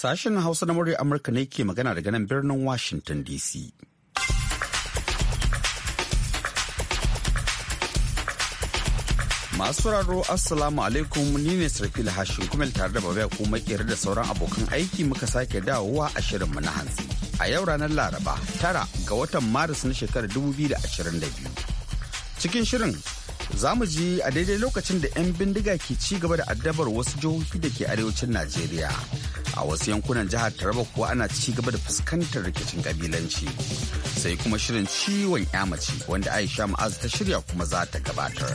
Sashen Hausa na Muryar Amurka ne ke magana daga nan birnin Washington DC. Masu raro Assalamu alaikum ni ne Sarfil Hashin Kumel tare da Babaya kuma makera da sauran abokan aiki muka sake dawowa a shirin mu na hantsi. A yau ranar Laraba, tara ga watan Maris na shekarar 2022. Cikin shirin Za mu ji a daidai lokacin da 'yan bindiga ke ci gaba da addabar wasu jihohi da ke arewacin Najeriya. A wasu yankunan jihar Taraba kuwa ana ci gaba da fuskantar rikicin kabilanci. Sai kuma shirin ciwon mace wanda Aisha Ma'azu ta shirya kuma za ta gabatar.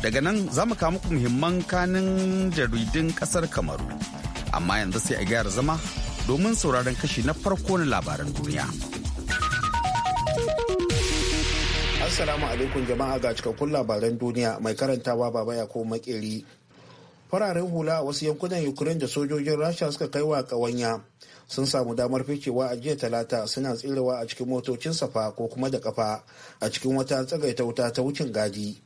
Daga nan za mu kawo muku muhimman kanin jaridun kasar Kamaru. Amma yanzu sai a gyara zama domin sauraron kashi na farko na labaran duniya. Assalamu alaikum jama'a ga cikakkun labaran duniya mai karantawa baba ya ko makeri. Fararen hula a wasu yankunan Ukraine da sojojin Rasha suka kai wa ƙawanya sun samu damar ficewa a jiya talata suna tsirewa a cikin motocin safa ko kuma da kafa a cikin wata tsagaita wuta ta wucin gadi.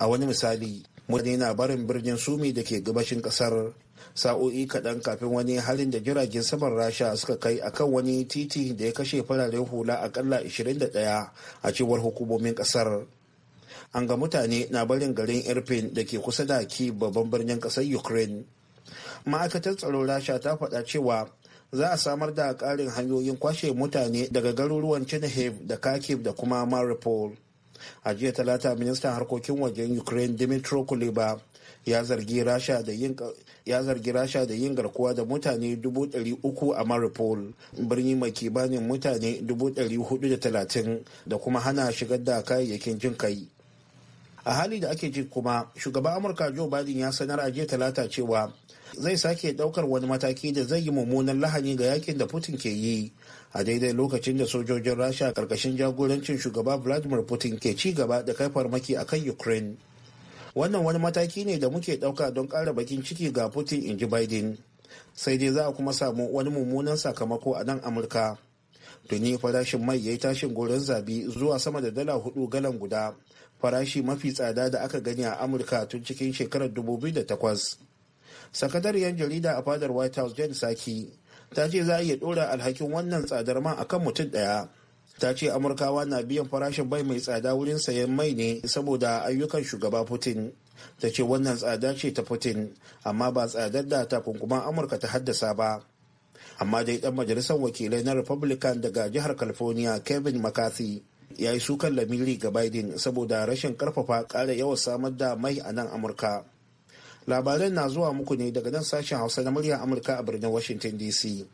A wani misali, mutane na barin birnin sumi da ke gabashin kasar sa'o'i kaɗan kafin wani halin da jiragen saman rasha suka kai akan wani titi da ya kashe fararen hula akalla 21 a cewar hukumomin kasar an ga mutane na barin garin irpin da ke kusa da ki babban birnin kasar ukraine ma'aikatar tsaron rasha ta faɗa cewa za a samar da ƙarin hanyoyin kwashe mutane daga garuruwan chernihiv da kharkiv da kuma maripol a jiya talata ministan harkokin wajen ukraine dimitro kuleba ya zargi rasha da yin garkuwa da mutane 300,000 a maripol birni mai kibanin mutane 430,000 da kuma hana shigar da kayayyakin jin kai a hali da ake ji kuma shugaban amurka joe biden ya sanar a jiya talata cewa zai sake daukar wani mataki da zai yi mummunan lahani ga yakin da putin ke yi a daidai lokacin da sojojin rasha karkashin jagorancin shugaba vladimir putin ke ci gaba da kai farmaki a kan ukraine wannan wani mataki ne da muke dauka don kara bakin ciki ga putin in ji biden sai dai za a kuma samu wani mummunan sakamako a nan amurka tuni farashin mai ya yi tashin goron zabi zuwa sama da dala hudu galan guda farashi mafi tsada da aka gani a amurka tun cikin shekarar 2008 sakatariyar jarida a fadar white house jen saki ta ce za a iya dora alhakin wannan tsadar ma akan mutum daya ta ce amurkawa na biyan farashin bai mai tsada wurin sayan mai ne saboda ayyukan shugaba putin ta ce wannan tsada ce ta putin amma ba tsadar da takunkuman amurka ta haddasa ba amma dai dan majalisar wakilai na republican daga jihar california kevin mccarthy ya yi sukan lamiri ga biden saboda rashin karfafa kara yawan samar da mai a nan amurka labaran na zuwa muku ne daga nan sashen hausa na murya amurka a birnin washington dc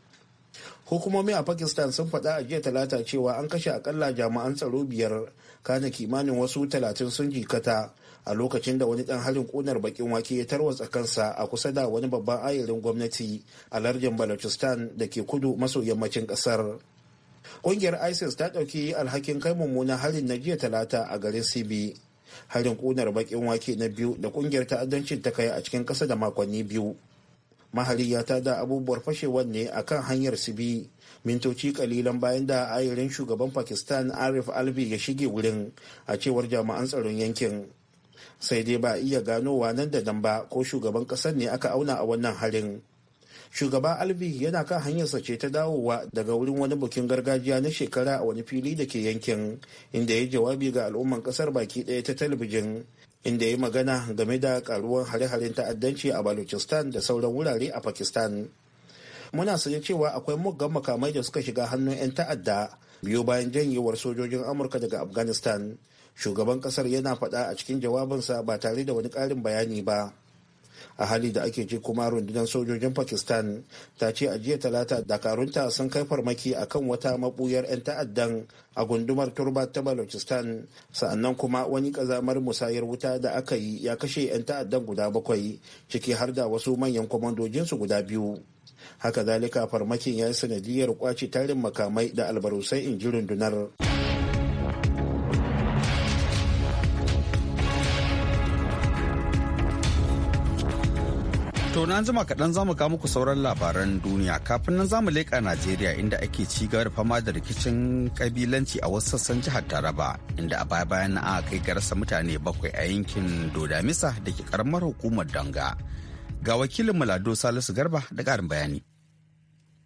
hukumomi a pakistan sun faɗa a jiya talata cewa an kashe akalla jami'an tsaro biyar kana kimanin wasu talatin sun jikata a lokacin da wani ɗan harin ƙunar bakin wake ya tarwatsa kansa a kusa da wani babban ayarin gwamnati a lardin balochistan da ke kudu maso yammacin ƙasar kungiyar ISIS ta ɗauki alhakin kai mummunan harin na jiya talata a garin Sibi. Harin ƙunar bakin wake na biyu da kungiyar ta'addancin ta kai a cikin ƙasa da makonni biyu. Mahari ya tada abubuwar fashewar ne a kan hanyar Sibi mintoci kalilan bayan da ayirin shugaban Pakistan Arif albi ya shige wurin a cewar jami'an tsaron yankin. Sai dai ba iya ganowa nan da nan ba ko shugaban ƙasar ne aka auna a wannan harin. shugaban albi yana kan hanyarsa ce ta dawowa daga wurin wani bukin gargajiya na shekara a wani fili da ke yankin inda ya jawabi ga al'umman kasar baki daya ta talabijin inda ya magana game da karuwan hare-haren ta'addanci a balochistan da sauran wurare a pakistan muna sanya cewa akwai muggan makamai da suka shiga hannun 'yan ta'adda biyu bayan janyewar sojojin amurka daga afghanistan shugaban kasar yana faɗa a cikin jawabinsa ba tare da wani ƙarin bayani ba a hali da ake ji kuma rundunar sojojin pakistan ta ce a jiya talata dakarunta sun kai farmaki a kan wata mabuyar 'yan ta'addan a gundumar turba ta balochistan sa'annan kuma wani kazamar musayar wuta da aka yi ya kashe 'yan ta'addan guda bakwai ciki har da wasu manyan kwamandojinsu guda biyu haka zalika farmakin ya yi sanadiyar kwace tarin makamai da albarusai in ji rundunar. To na jima kaɗan za mu ga muku sauran labaran duniya kafin nan za mu leƙa Najeriya inda ake ci gaba da fama da rikicin kabilanci a wasu sassan jihar Taraba inda a baya bayan na aka kai rasa mutane bakwai a yankin Dodamisa da ke ƙaramar hukumar Danga. Ga wakilin Malado Salisu Garba da ƙarin bayani.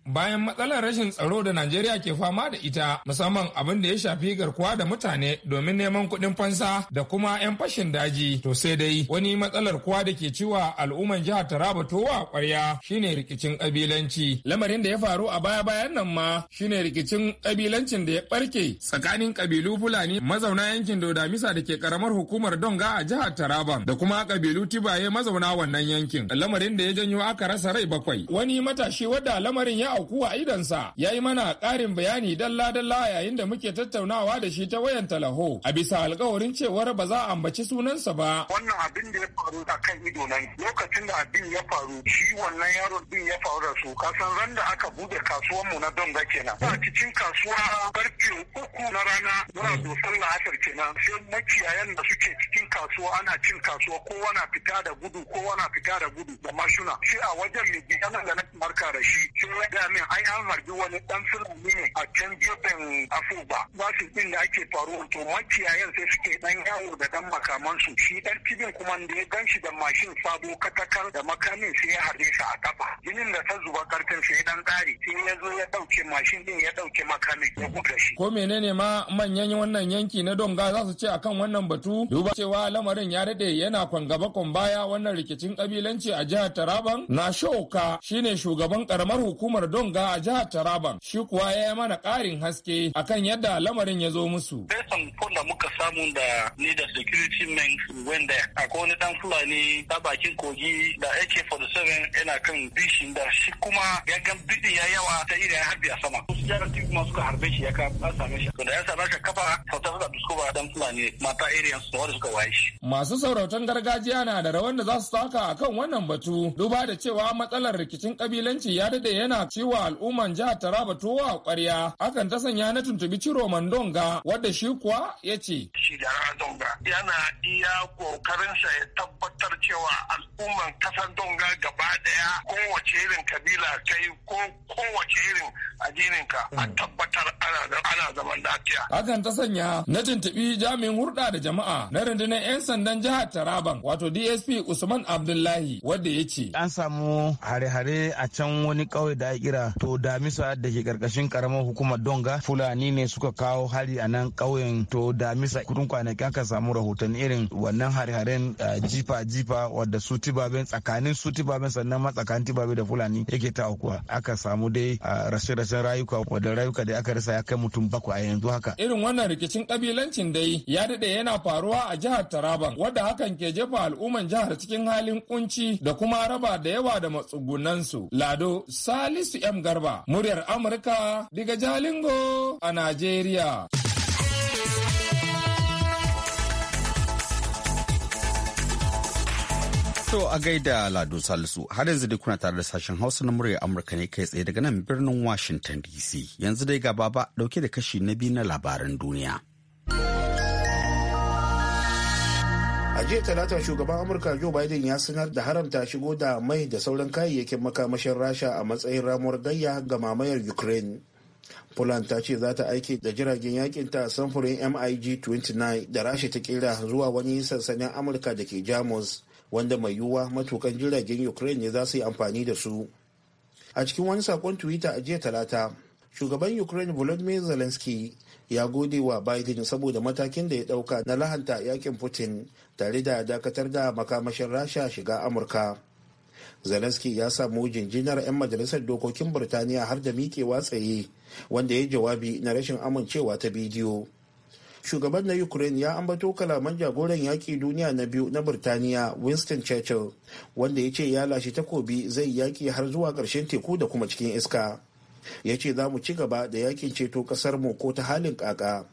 bayan matsalar rashin tsaro da Najeriya ke fama da ita musamman abin da ya shafi garkuwa da mutane domin neman kuɗin fansa da kuma 'yan fashin daji to sai dai wani matsalar kuwa da ke ciwa al'umman jihar Taraba towa kwarya shine rikicin kabilanci lamarin da ya faru a baya bayan nan ma shine rikicin kabilancin da ya barke tsakanin kabilu Fulani mazauna yankin Dodamisa da ke karamar hukumar Donga a jihar Taraba da kuma kabilu Tibaye mazauna wannan yankin lamarin da ya janyo aka rasa rai bakwai wani matashi wadda lamarin ya auku a idansa ya yi mana ƙarin bayani dalla-dalla yayin da muke tattaunawa da shi ta wayan talaho a bisa alkawarin cewar ba za a ambaci sunansa ba. Wannan abin da ya faru a kan ido nan lokacin da abin ya faru shi wannan yaron din ya faru da su kasan ran da aka bude kasuwar mu na donga kenan. A cikin kasuwa karfe uku na rana muna dosan la'asar kenan sai makiyayan da suke cikin kasuwa ana cin kasuwa kowa na fita da gudu kowa na fita da gudu da mashuna. Shi a wajen libi yana da na marka da shi. faɗa min ai an harbi wani ɗan fulani ne a can gefen afuba ba su ɗin da ake faruwa to makiyayan sai suke ɗan yawo da makaman makamansu shi dan kibin kuma da ya ganshi da mashin sabo katakar da makamin sai ya harbe shi a kafa jinin da ta zuba karfin sai dan tsari sai ya zo ya dauke mashin ɗin ya dauke makamin ya buga shi. ko menene ma manyan wannan yanki na donga za su ce akan wannan batu duba cewa lamarin ya daɗe yana kwan gaba kwan baya wannan rikicin kabilanci a jihar taraban na shoka shine shugaban karamar hukumar Donga a jihar Taraban shi kuwa ya yi mana ƙarin haske akan yadda lamarin ya zo musu. Besan kun da muka samu da ni da security men wanda akwai wani dan Fulani ta bakin kogi da AK-47 yana kan bishin da shi kuma ya gan bidin ya yawa ta iri ya harbi a sama. Su jara kuma suka harbe shi ya ka same shi. Da ya same shi kafa sautar da duskoba dan Fulani mata iriyan su wani suka waye shi. Masu saurautan gargajiya na da rawan da za su taka akan wannan batu duba da cewa matsalar rikicin kabilanci ya dade yana ci wa al'umman jihar Taraba towa a ƙwarya hakan ta sanya na tuntubi Ciro Mandonga wadda shi kuwa ya ce. Shi da Mandonga yana iya sa ya tabbatar cewa al'umman kasar Donga gaba daya kowace irin kabila kai ko kowace irin addinin ka a mm. tabbatar ana zaman lafiya. Hakan ta sanya na tuntuɓi jami'in hurɗa da jama'a na rundunar 'yan sandan jihar Taraban wato DSP Usman Abdullahi wadda ya ce. An samu hare-hare a can wani ƙauye da kira to damisa da ke karkashin karamar hukumar Donga Fulani ne suka kawo hari a nan ƙauyen to damisa kudin kwanaki aka samu rahoton irin wannan hare-haren jifa-jifa wadda su tibaben tsakanin su tibaben sannan ma tsakanin tibabe da Fulani yake ta aka samu dai rashe-rashen rayuka wadda rayuka da aka rasa ya kai mutum bakwai a yanzu haka. Irin wannan rikicin kabilancin dai ya daɗe yana faruwa a jihar Taraban wadda hakan ke jefa al'umman jihar cikin halin kunci da kuma raba da yawa da matsugunansu. Lado Salisu M Garba, muryar Amurka daga Jalingo a Najeriya. so a gaida Lado Salisu har yanzu dai kuna tare da sashen Hausa na murya Amurka ne kai tsaye daga nan birnin Washington DC. Yanzu dai gaba ba dauke da kashi na biyu na labaran duniya. A jiya talata shugaban Amurka Joe Biden ya sanar da haramta shigo da mai da sauran kayayyakin makamashin Rasha a matsayin ramuwar gayya ga mamayar Ukraine. Poland ta ce za ta aiki da jiragen yakin ta samfurin MiG-29 da Rasha ta kira zuwa wani sansanin Amurka da ke Jamus. wanda mai yiwuwa matukan jiragen ukraine ne za su yi amfani da su a cikin wani sakon twitter a jiya talata shugaban ukraine volodymyr zelensky ya gode wa biden saboda matakin da ya dauka na lahanta yakin putin tare da dakatar da makamashin rasha shiga amurka zelensky ya samu jinjinar 'yan majalisar dokokin birtaniya har da mikewa tsaye wanda ya jawabi na rashin amincewa ta bidiyo shugaban na ukraine ya ambato kalaman jagoran yaƙi duniya na biyu na birtaniya winston churchill wanda ya ce ya lashe takobi zai yaƙi har zuwa ƙarshen teku da kuma cikin iska ya ce za mu ci gaba da yakin ceto ƙasar mu ko ta halin ƙaƙa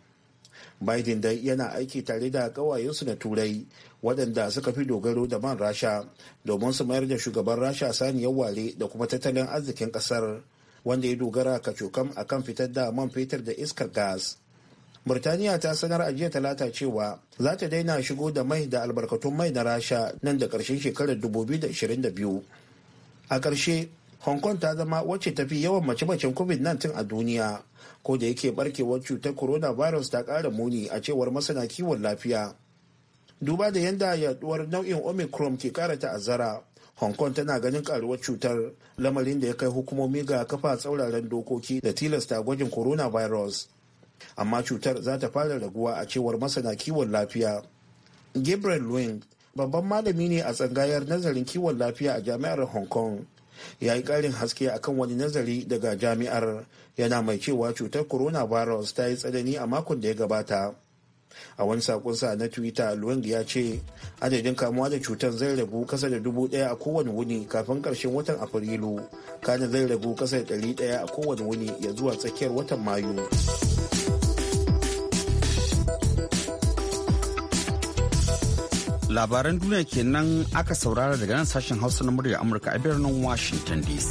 biden dai yana aiki tare da ƙawayensu na turai waɗanda suka fi dogaro da man rasha domin su mayar da shugaban rasha saniyar ware da kuma tattalin arzikin ƙasar wanda ya dogara kacokam akan fitar da man fetur da iskar gas Burtaniya ta sanar a jiya talata cewa za ta daina shigo da mai da albarkatun mai na Rasha nan da ƙarshen shekarar 2022. A ƙarshe, Hong Kong ta zama wacce ta fi yawan mace-macen COVID-19 a duniya, ko da yake barkewar cutar coronavirus ta ƙara muni a cewar masana kiwon lafiya. Duba da yadda yaduwar nau'in Omicron ke ƙara ta'azzara, Hong Kong tana ganin karuwar cutar lamarin da ya kai hukumomi ga kafa tsauraran dokoki da tilasta gwajin coronavirus amma cutar za ta fara raguwa a cewar masana kiwon lafiya gabriel wing babban malami ne a tsangayar nazarin kiwon lafiya a jami'ar hong kong ya yi ƙarin haske akan wani nazari daga jami'ar yana mai cewa cutar coronavirus ta yi tsanani a makon da ya gabata a wani sa na twitter luwang ya ce adadin kamuwa da cutar zai ragu kasa da dubu daya a kowane wuni kafin karshen watan afrilu kana zai ragu kasa da ɗari daya a kowane wuni ya zuwa tsakiyar watan mayu labaran duniya kenan aka saurara daga nan sashen hausa na murya amurka a birnin washington dc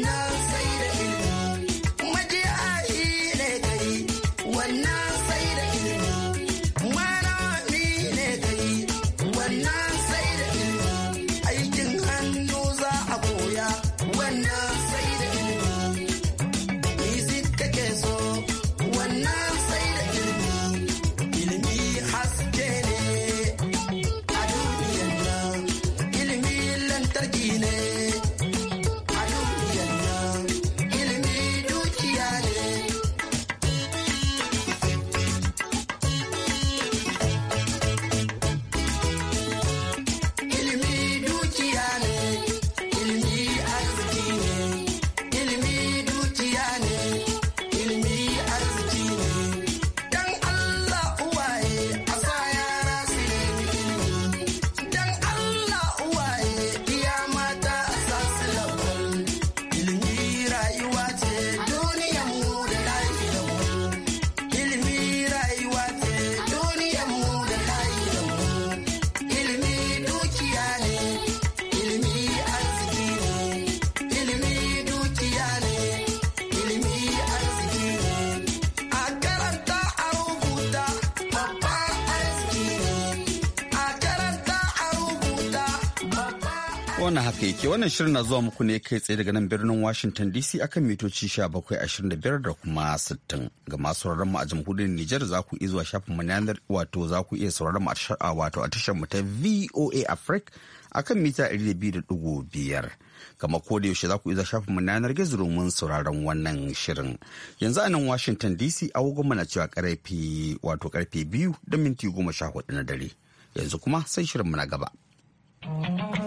no haka yake wannan shirin na zuwa muku ne kai tsaye daga nan birnin Washington DC akan mitoci 1725 da kuma 60 ga masu sauraron mu a jamhuriyar Nijar za ku zuwa shafin mu yanar wato za ku iya sauraron mu a wato a tashar mu ta VOA Africa akan mita 200.5 kama ko da yaushe za ku iya shafin mu yanar gizo domin sauraron wannan shirin yanzu a nan Washington DC agogon mu na cewa karfe wato karfe 2 da minti 14 na dare yanzu kuma sai shirin mu na gaba. thank you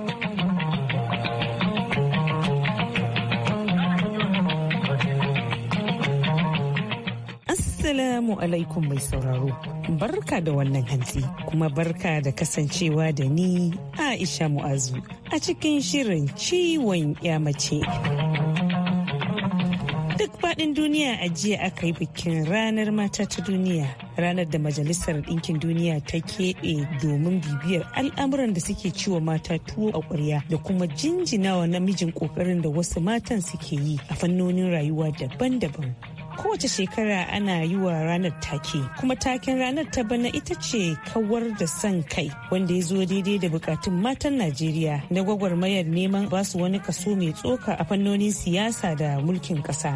Assalamu alaikum mai sauraro. Barka da wannan hantsi kuma barka da kasancewa da ni Aisha Mu'azu a cikin shirin ciwon mace. Duk faɗin duniya a jiya aka yi bikin ranar mata ta duniya. ranar da majalisar ɗinkin duniya ta keɓe domin bibiyar al'amuran da suke ciwo mata tuwo a ƙwarya da kuma jinjinawa namijin ƙoƙarin da wasu matan suke yi a fannonin rayuwa daban-daban kowace shekara ana yi wa ranar take kuma taken ranar ta bana ita ce kawar da san kai wanda ya zo daidai da bukatun matan najeriya na gwagwarmayar neman ba su wani kaso mai tsoka a fannonin siyasa da mulkin kasa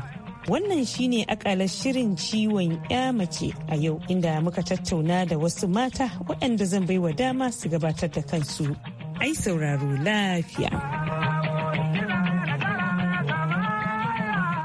wannan shine akalar shirin ciwon ya mace a yau inda muka tattauna da wasu mata waɗanda zan baiwa dama su gabatar da kansu ai sauraro lafiya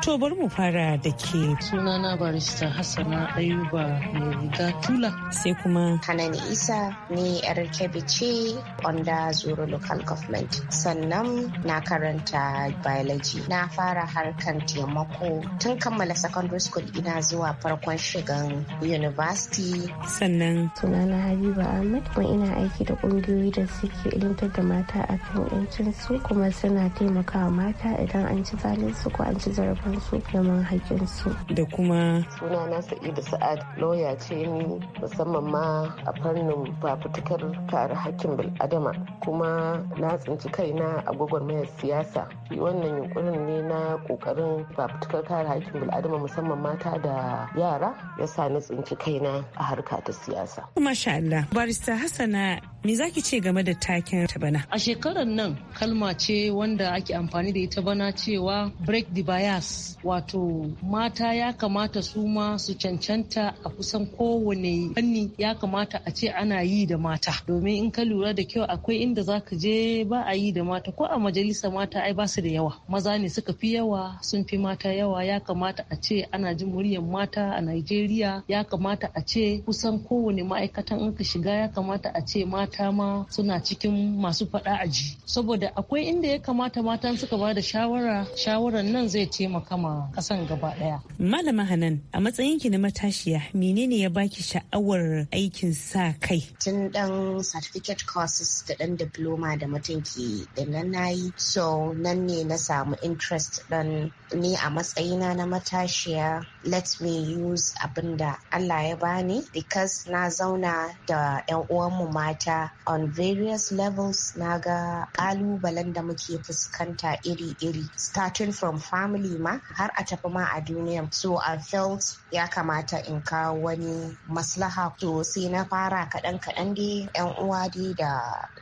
To bar mu fara da ke. Sunana barista Hassana Ayuba mai riga tula. Sai kuma. Kanani Isa ne yar bice under Zuru Local Government. Sannan na karanta biology. Na fara harkan taimako tun kammala secondary school ina zuwa farkon shigan university. Sannan. Sunana Habiba Ahmed kuma ina aiki da kungiyoyi da suke ilimtar da mata a 'yancin su kuma suna taimakawa mata idan an ci zalinsu ko an ci zarafin musu domin haƙƙinsu. Da kuma suna na Sa'idu Sa'ad lauya ce ni musamman ma a fannin fafutukar kare haƙƙin bil'adama kuma na tsinci kaina a mayar siyasa. Wannan yunkurin ne na ƙoƙarin fafutukar kare haƙƙin bil'adama musamman mata da yara ya sa na tsinci kaina a harka ta siyasa. Masha Allah, barista Hassana me zaki ce game da takin ta bana? A shekarar nan kalma ce wanda ake amfani da ita bana cewa break the bias wato mata ya kamata su ma su cancanta a kusan kowane fanni ya kamata a ce ana yi da mata domin in ka lura da kyau akwai inda za ka je ba a yi da mata ko a majalisa mata ai ba su da yawa maza ne suka fi yawa sun fi mata yawa ya kamata a ce ana jin muryar mata a Najeriya ya kamata a ce kusan kowane ma'aikatan in ka shiga ya kamata a ce mata ma suna cikin masu faɗa ji saboda akwai inda ya kamata matan suka ba da shawara shawaran nan zai taimaka kama kasan gaba daya. Malama Hanan a matsayin ki na matashiya menene ya baki sha'awar aikin sa kai? Tun dan certificate courses da dan diploma da mutum ke da na yi so nan ne na samu interest dan ni a matsayina na matashiya let me use abin da Allah ya bani because na zauna da 'yan uwanmu mata on various levels na ga kalubalen da muke fuskanta iri-iri starting from family ma har a tafi ma a duniya so I felt ya kamata in kawo wani maslaha to sai na fara kaɗan-kaɗan dai 'yan uwa dai da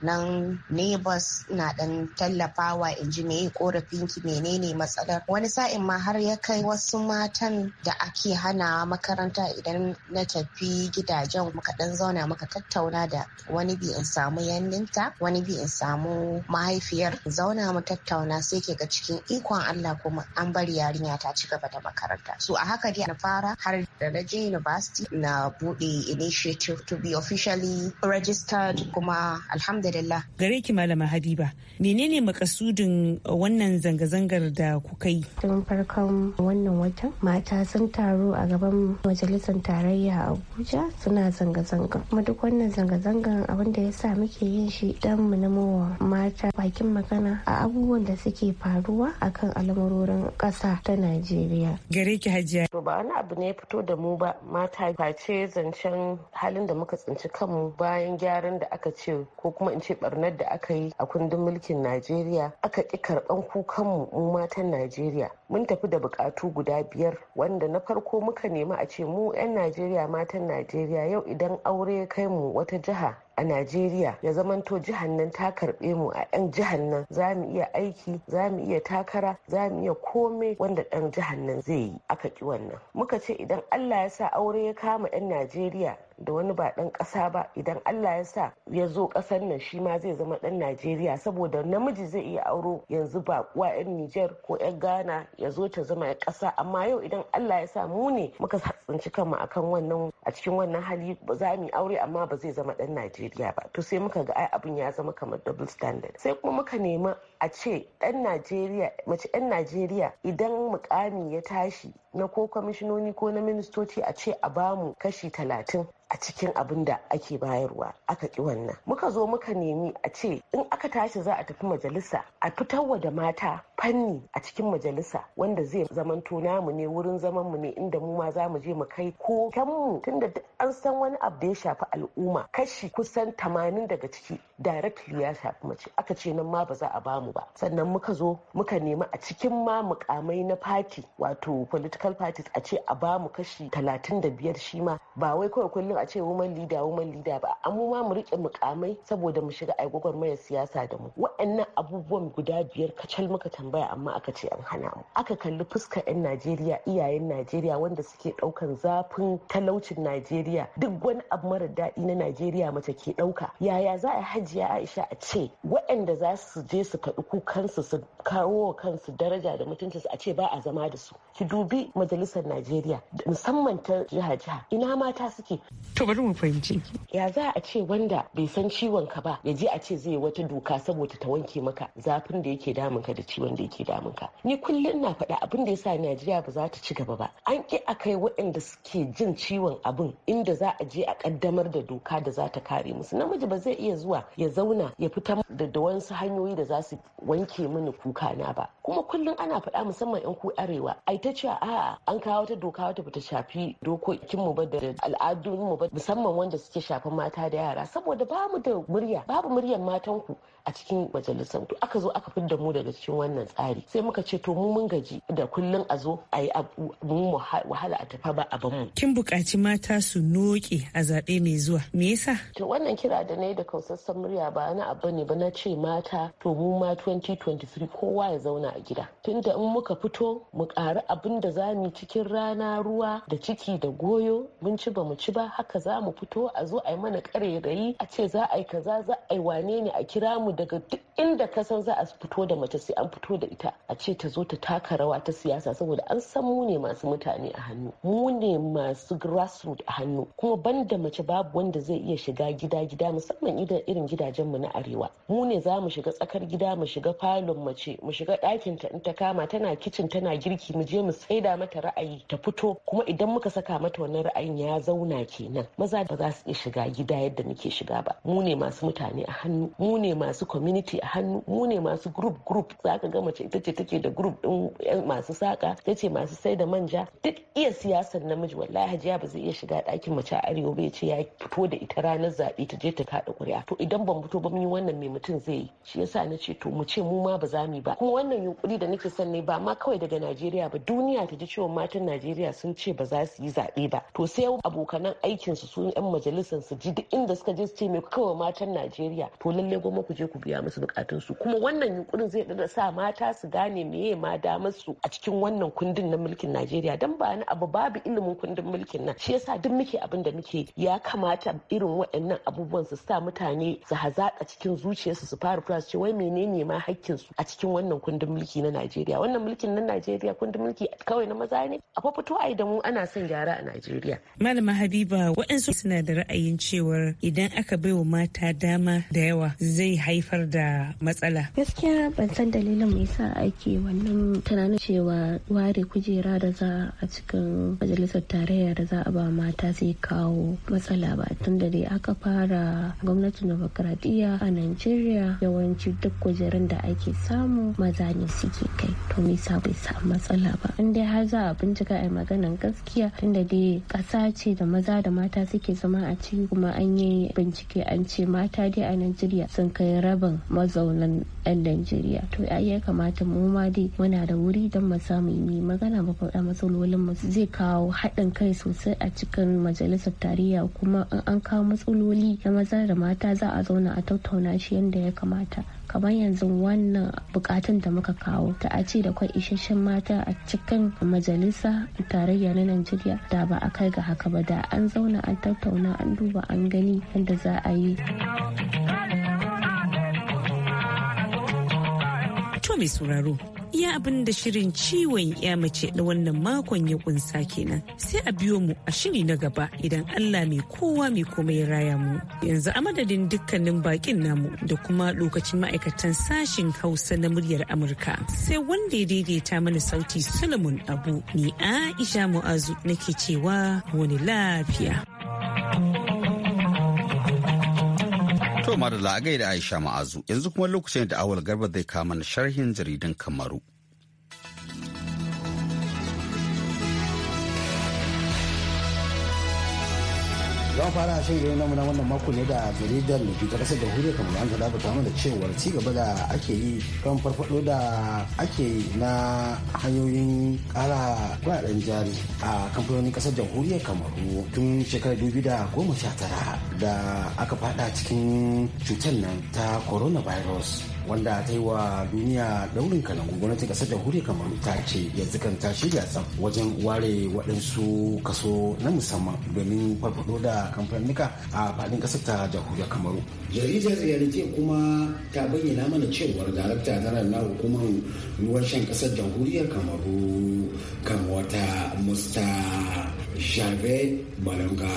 nan neighbors na ɗan tallafawa in ji me korafinki menene matsalar wani sa'in ma har ya kai wasu matan da da ake hana makaranta idan na tafi gidajen muka dan zauna muka tattauna da wani bi in samu yanninta wani bi in samu mahaifiyar zauna mu tattauna sai ke ga cikin ikon Allah kuma an bari yarinya ta ci gaba da makaranta so a haka dai na fara har da na je university na bude initiative to be officially registered kuma alhamdulillah gare ki malama Habiba menene makasudin wannan zanga-zangar da kuka yi tun farkon wannan watan mata sun babban taro a gaban majalisar tarayya a abuja suna zanga-zanga kuma duk wannan zanga-zangan abin da ya sa muke yin shi dan mu na nemo mata bakin magana a abubuwan da suke faruwa akan al'amurorin ƙasa ta najeriya gare ki hajiya to ba wani abu ne ya fito da mu ba mata face zancen halin da muka tsinci kanmu bayan gyaran da aka ce ko kuma in ce barnar da aka yi a kundin mulkin najeriya aka ƙi karɓan kukanmu mu matan najeriya mun tafi da buƙatu guda biyar wanda na farko muka nemi a ce mu 'yan najeriya matan najeriya yau idan aure ya kai mu wata jiha a Najeriya ya zamanto jihar nan ta karbe mu a 'yan jihar nan za mu iya aiki za mu iya takara za mu iya komai wanda ɗan jihar nan zai yi aka ki wannan muka ce idan Allah ya sa aure ya kama 'yan Najeriya da wani ba dan ƙasa ba idan Allah ya sa ya zo ƙasar nan shi ma zai zama dan Najeriya saboda namiji zai iya auro yanzu ba kuwa 'yan Nijar ko 'yan Ghana ya zo ta zama ya kasa amma yau idan Allah ya sa mu ne muka tsinci kanmu akan wannan a cikin wannan hali ba za mu aure amma ba zai zama dan Najeriya ba to sai muka ga ai abin ya zama kamar double standard sai kuma muka nema a ce ɗan Najeriya mace 'yan Najeriya idan mukami ya tashi na ko kwamishinoni ko na ministoci a ce a bamu kashi talatin a cikin abin da ake bayarwa aka ki wannan muka zo muka nemi a ce in aka tashi za a tafi majalisa a fitarwa da mata fanni a cikin majalisa wanda zai zamanto mu ne wurin zaman mu ne inda mu ma za mu je mu kai ko kanmu tunda an san wani abu da ya shafi al'umma kashi kusan tamanin daga ciki directly ya shafi mace aka ce nan ma ba za a bamu ba sannan muka zo muka nema a cikin ma mukamai na party wato political parties a ce a bamu kashi talatin 35 shi ma ba wai kawai kullum a ce woman leader woman leader ba amma ma mu rike mukamai saboda mu shiga ai gwagwarmayar siyasa da mu waɗannan abubuwan guda biyar kacal muka tambaya amma aka ce an hana mu aka kalli fuskar 'yan najeriya iyayen najeriya wanda suke ɗaukan zafin talaucin najeriya duk wani abu mara daɗi na najeriya mace ke ɗauka yaya za a haji hajiya aisha a ce waɗanda za su je su kaɗi kukansu su kawo wa kansu daraja da mutuncinsu a ce ba a zama da su ki dubi majalisar najeriya musamman ta jiha jiha ina mata suke to bari mu fahimci ya za a ce wanda bai san ciwon ka ba ya je a ce zai wata doka saboda ta wanke maka zafin da yake damun ka da ciwon da yake damun ka ni kullum na faɗa abin da ya yasa najeriya ba za ta ci gaba ba an ki a kai waɗanda suke jin ciwon abin inda za a je a ƙaddamar da doka da za ta kare musu namiji ba zai iya zuwa ya zauna ya fitar da da wasu hanyoyi da za su wanke mini kuka na ba kuma kullum ana faɗa musamman yan ku arewa ai ta ce a an kawo wata doka wata bata shafi dokokin mu ba da al'adun mu ba musamman wanda suke shafan mata da yara saboda ba mu da murya babu muryar matan ku a cikin majalisar to aka zo aka fidda mu daga cikin wannan tsari sai muka ce to mu mun gaji da kullun a zo a yi mu wahala a tafa ba a mu. kin buƙaci mata su noke a zaɓe mai zuwa me yasa to wannan kira da na yi da kausassan murya ba na abu ne ba na ce mata to mu ma 2023 kowa ya zauna a gida tunda in muka fito mu ƙari abin da za mu cikin rana ruwa da ciki da goyo mun ci ba mu ci ba haka za mu fito a zo a yi mana ƙarairayi a ce za a yi kaza za a yi wane ne a kira mu daga duk inda ka san za a fito da mace sai an fito da ita a ce ta zo ta taka rawa ta siyasa saboda an san mu ne masu mutane a hannu mu ne masu grassroot a hannu kuma banda mace babu wanda zai iya shiga gida gida musamman idan irin gidajen mu na arewa mu ne za mu shiga tsakar gida mu shiga falon mace mu shiga ɗakin ta in ta kama tana kicin tana girki mu je mu saida mata ra'ayi ta fito kuma idan muka saka mata wannan ra'ayin ya zauna kenan maza ba za su iya shiga gida yadda muke shiga ba mu ne masu mutane a hannu mu ne masu masu community a hannu mu ne masu group group za ka ga mace ita ce take da group din masu saka ta ce masu sai da manja duk iya siyasar namiji wallahi hajiya ba zai iya shiga ɗakin mace a arewa ba ya ce ya fito da ita ranar zaɓe ta je ta kaɗa ƙuri'a to idan ban fito ba mun yi wannan mai mutum zai yi shi yasa na ce to mu ce mu ma ba za mu ba kuma wannan yunkuri da nake son ne ba ma kawai daga Najeriya ba duniya ta ji cewa matan Najeriya sun ce ba za su yi zaɓe ba to sai abokanan aikin su sun yan majalisar su ji duk inda suka je su ce me kawai matan Najeriya to lalle goma ku je ku biya musu su kuma wannan yunkurin zai dada sa mata su gane meye ma damar su a cikin wannan kundin na mulkin Najeriya dan ba ni abu babu ilimin kundin mulkin nan shi yasa duk muke abin da muke ya kamata irin waɗannan abubuwan su sa mutane su hazaƙa cikin zuciyarsu su fara fara ce wai menene ma hakkin su a cikin wannan kundin mulki na Najeriya wannan mulkin na Najeriya kundin mulki kawai na maza ne a fafito ai da mu ana son gyara a Najeriya malama Habiba waɗansu suna da ra'ayin cewa idan aka baiwa mata dama da yawa zai haifa haifar da matsala gaskiya ban san dalilin mai sa ake wannan tunanin cewa ware kujera da za a cikin majalisar tarayya da za a ba mata zai kawo matsala ba tun da dai aka fara gwamnatin demokradiyya a najeriya yawanci duk kujerun da ake samu maza ne suke kai to me sa bai samu matsala ba in dai har za a bincika a maganan gaskiya tun da dai ƙasa ce da maza da mata suke zama a ciki kuma an yi bincike an ce mata dai a najeriya sun kai rabin mazaunan 'yan Najeriya. To ya kamata mu ma dai muna da wuri don mu samu yi magana ba faɗa matsalolin mu zai kawo haɗin kai sosai a cikin majalisar tarayya kuma in an kawo matsaloli na maza da mata za a zauna a tattauna shi yadda ya kamata. kamar yanzu wannan bukatun da muka kawo ta a ce da kwai isasshen mata a cikin majalisa tarayya na Najeriya da ba a kai ga haka ba da an zauna an tattauna an duba an gani yadda za a yi. To mai sauraro, iya abin da shirin ciwon ya mace na wannan makon ya kunsa kenan sai a biyo mu a shiri na gaba idan Allah mai kowa mai komai raya mu yanzu a madadin dukkanin bakin namu da kuma lokacin ma'aikatan sashin hausa na muryar amurka sai wanda ya daidaita mana sauti solomon abu ni aisha mu'azu nake cewa wani lafiya. thank you To madalla a da Aisha Ma'azu yanzu kuma lokacin da awal garba zai kama na sharhin jaridan Kamaru. zan fara shan irin na wannan mako ne da jaridar da ta kasar jamhuriyar kamar an zada ta da cewar ci gaba da ake yi kan farfado da ake yi na hanyoyin kara kuɗaɗen jari a kamfanonin kasar jamhuriyar kamaru tun shekarar dubu da goma sha tara da aka fada cikin cutar nan ta coronavirus wanda ta yi wa duniya daurin kanan gwamnatin kasar da huri kamar ta ce yanzu kan ta shirya tsaf wajen ware waɗansu kaso na musamman domin farfaɗo da kamfanin a faɗin kasar ta jamhuriyar kamaru jaridar realite kuma ta bayyana mana cewar darakta na na hukumar ruwan shan kasar jamhuriyar kamaru kan wata musta jabe balanga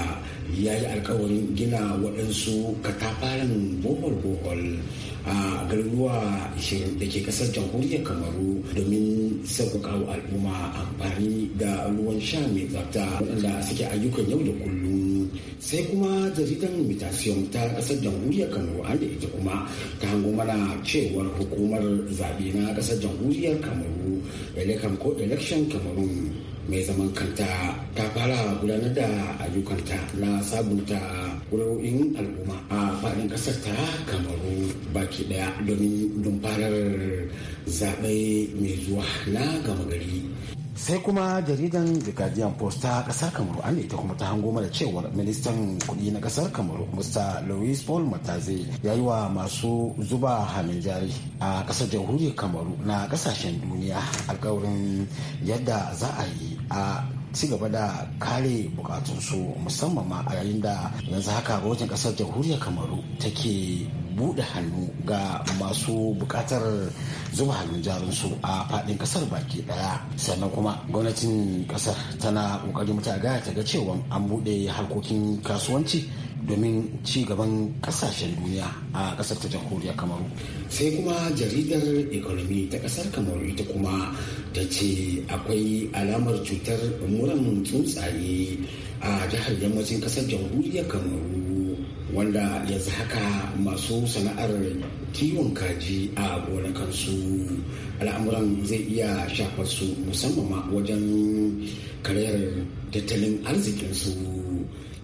ya yi alkawarin gina waɗansu katafaren bohol-bohol a garuruwa 20 da ke kasar jamhuriyar kamaru domin sauƙaƙa wa al'umma amfani da ruwan sha mai tsafta waɗanda suke ayyukan yau da kullum sai kuma jaridar mutation ta kasar jamhuriyar kamaru wanda ita kuma ta hango mana cewar hukumar zaɓe na kasar jamhuriyar kamaru elekan ko election kamarun mai zaman kanta ta fara gudanar da ayyukanta na sabunta wuraren al'umma a faɗin ƙasar ta kamaru baki ɗaya domin dumfarar zaɓe mai zuwa na gama gari sai kuma jaridan the guardian post ta kasar kamaru an ita kuma ta hango mana cewa ministan kudi na kasar kamaru mr louis paul mataze ya yi wa masu zuba hannun jari a kasar jamhuriyar kamaru na kasashen duniya alkawarin yadda za a yi a ci gaba da kare bukatunsu musamman ma a yayin da yanzu haka gwamnatin kasar jamhuriyar kamaru take buɗe hannu ga masu buƙatar zuba hannun jarinsu a faɗin ƙasar baki ɗaya sannan kuma gwamnatin ƙasar tana ƙoƙarin mata gaya ta ga cewa an buɗe harkokin kasuwanci domin ci gaban ƙasashen duniya a kasar ta jamhuriya kamaru sai kuma jaridar economy ta kasar kamaru ita kuma ta ce akwai alamar cutar muran tsuntsaye a jihar yammacin kasar jamhuriyar kamaru wanda yanzu haka masu sana'ar kiwon kaji a gonakansu al'amuran zai iya shafar su musamman ma wajen karyar tattalin arzikinsu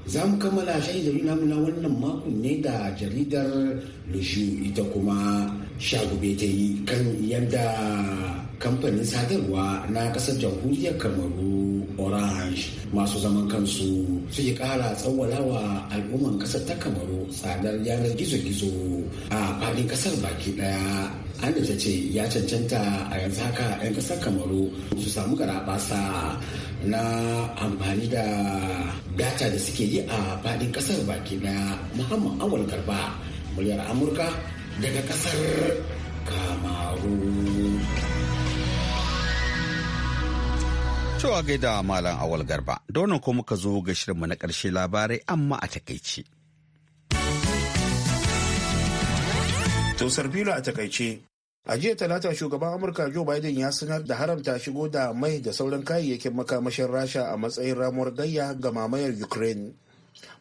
za mu kammala shaidari na wannan makon ne da jaridar lushu ita kuma shagube ta yi kan yadda kamfanin sadarwa na kasar jamhuriyar kamaru orange masu zaman kansu suke kara wa al'umman kasar ta kamaru tsadar yanar gizo-gizo a fadin kasar baki daya an da ta ce ya cancanta a yanzu haka 'yan kasar kamaru su samu garabasa na amfani da data da suke yi a faɗin kasar baki daya muhammad awal garba muryar amurka daga kasar kamaru a gaida Malam Awal Garba, donon ko muka zo ga shirinmu na ƙarshe labarai amma a takaice. Tosar filo a takaice. A jiya talata shugaban Amurka Joe Biden ya sanar da haramta shigo da mai da sauran kayayyakin makamashin Rasha a matsayin ramuwar gayya ga mamayar Ukraine.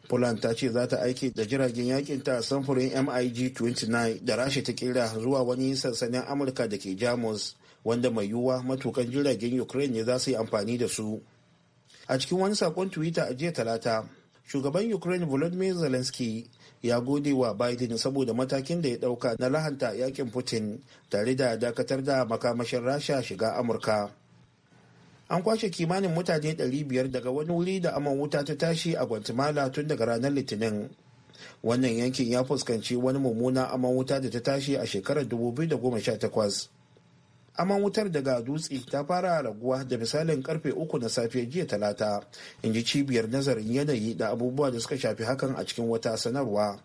Poland ta ce za ta aiki da jiragen yakin ta samfurin MiG-29 da Rasha ta kira zuwa wani sansanin Amurka da ke Jamus wanda mai yiwuwa matukan jiragen ukraine ne za su yi amfani da su a cikin wani sakon twitter a jiya talata shugaban ukraine volodymyr zelensky ya gode wa biden saboda matakin da ya dauka na lahanta yakin putin tare da dakatar da makamashin rasha shiga amurka an kwashe kimanin mutane 500 daga wani wuri da aman wuta ta tashi a guatemala tun daga ranar litinin wannan yankin ya fuskanci wani mummuna aman wuta da ta tashi a shekarar 2018 aman wutar daga dutse ta fara raguwa da misalin karfe uku na safiyar jiya talata in ji cibiyar nazarin yanayi da abubuwa da suka shafi hakan a cikin wata sanarwa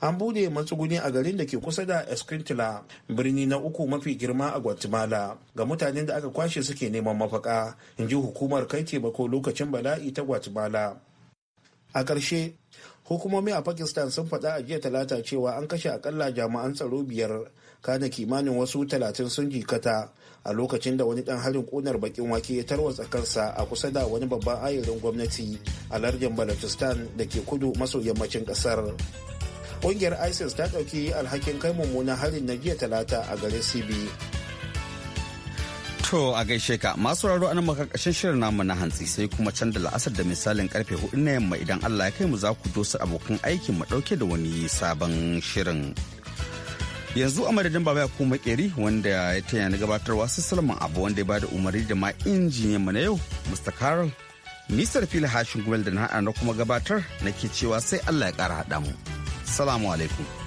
an bude matsuguni a garin da ke kusa da esquintla birni na uku mafi girma a guatemala ga mutanen da aka kwashe suke neman mafaka in ji hukumar kai taimako lokacin bala'i ta guatemala a ƙarshe hukumomi a pakistan sun faɗa a jiya talata cewa an kashe akalla jami'an tsaro biyar kana kimanin wasu talatin sun jikata a lokacin da wani dan harin kunar bakin wake ya tarwatsa kansa a kusa da wani babban ayarin gwamnati a lardin balochistan da ke kudu maso yammacin kasar ƙungiyar isis ta ɗauki alhakin kai mummunan harin na jiya talata a garin sibi To a gaishe ka masu raro an maka ƙarshen shirin namu na hantsi sai kuma can da la'asar da misalin karfe hudu na yamma idan Allah ya kai mu za ku dosa abokan aikin mu dauke da wani sabon shirin. Yanzu a madadin baba ko keri wanda ya taya na gabatarwa su Salman Abu wanda ya bada umarni da ma injiniyan mu na yau Mr. carl Nisar fili hashin gumel da na kuma gabatar na nake cewa sai Allah ya kara haɗa mu. Salamu alaikum.